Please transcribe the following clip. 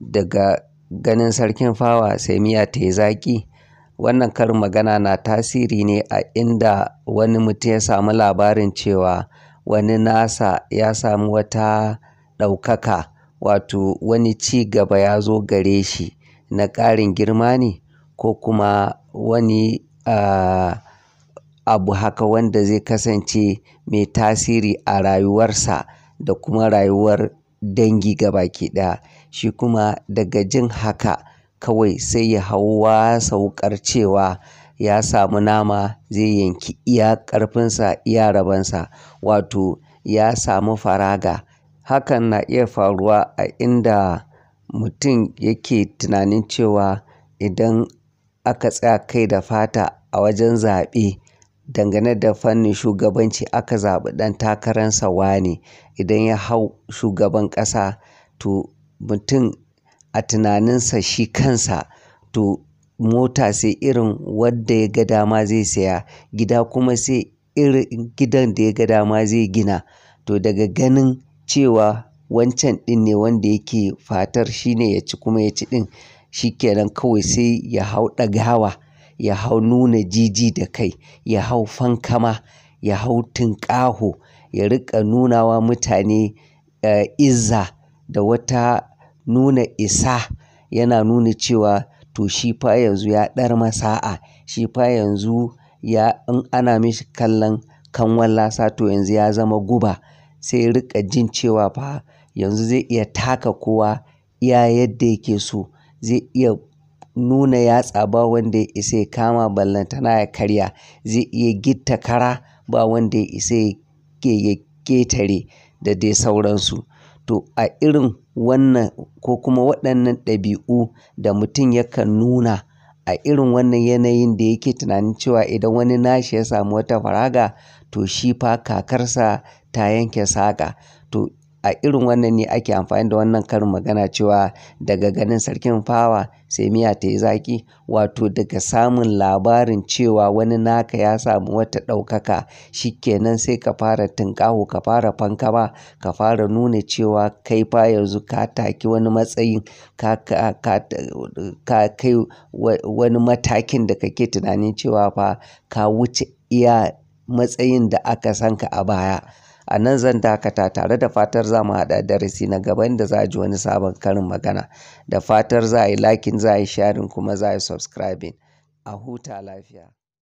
daga ganin sarkin fawa sai miya ta yi zaƙi. Wannan karin magana na tasiri ne a inda wani mutum ya samu labarin cewa wani nasa ya samu wata ɗaukaka, wato wani ci gaba ya zo gare shi na ƙarin girma ne ko kuma wani uh, abu haka wanda zai kasance mai tasiri a rayuwarsa da kuma rayuwar dangi gabaki ɗaya. shi kuma daga jin haka kawai sai ya hau wasa cewa ya samu nama zai yanki iya ƙarfinsa iya rabonsa, wato ya samu faraga. Hakan na iya faruwa a inda mutum yake tunanin cewa idan aka tsaya kai da fata a wajen zaɓe dangane da fannin shugabanci aka zaɓi ɗan takararsa wane, idan ya hau shugaban ƙasa to mutum a tunaninsa shi kansa to mota sai irin wadda ya ga dama zai saya, gida kuma sai irin gidan da ya ga dama zai gina. To daga ganin cewa wancan ɗin ne wanda yake fatar shi ne ya ci kuma ya ci ɗin, shi kenan kawai sai ya hau ɗagawa, ya hau nuna jiji da kai, ya hau fankama, ya hau tunƙaho, ya riƙa nunawa mutane, eh, izza da wata nuna isa yana nuna cewa to shi fa yanzu ya ɗar masa'a. Shi fa yanzu ya in ana mishi kallon kanwan lasa to yanzu ya zama guba. Sai rika jin cewa fa yanzu zai iya taka kowa iya yadda yake so. Zai iya nuna yatsa ba wanda ya isa ya kama ballantana ya karya. Zai iya gitta kara ba wanda ya isa ya ƙetare da dai sauransu. To a irin wannan ko kuma waɗannan ɗabi'u da mutum yakan nuna a irin wannan yanayin da yake tunanin cewa idan wani nashi ya samu wata faraga to shi fa kakarsa ta yanke saƙa. To a irin wannan ne ake amfani da wannan karin magana cewa daga ganin sarkin fawa sai miya ta yi zaki? wato daga samun labarin cewa wani naka ya samu wata ɗaukaka kenan sai ka fara tunƙaho ka fara fankama ka fara nuna cewa kai fa yanzu ka taki wani matsayin ka kai wani matakin da kake tunanin cewa fa ka wuce iya matsayin da aka sanka a baya A nan zan dakata tare da fatar za mu haɗa darasi na gaba inda za a ji wani sabon karin magana. Da fatar za a yi likin za a yi sharing kuma za a yi subscribing. A huta lafiya.